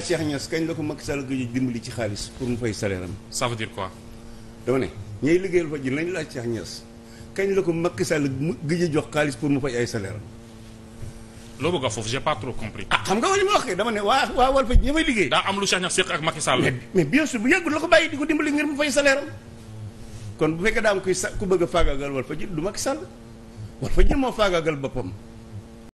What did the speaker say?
Cheikh Niass kañ la ko Macky Sall gëj dimbali ci xaalis pour mu fay salaire am. ça veut dire quoi. dama ne ñay lañ laaj Cheikh Niass kañ la ko Macky Sall gëj a jox xaalis pour mu fay ay salaire am. loo bëgg a foofu j'ai pas trop compris. ah xam nga li ma wax dama ne waa waa wal fa ña fay liggéey. daa am lu Cheikh Niass seq ak Macky Sall. mais mais bu yàggul la ko bàyyi di ko dimbali ngir mu fay salaire kon bu fekkee daa am kuy sa ku bëgg a faagaagal wal fa ji du Macky Sall wal fa ji moo faagaagal boppam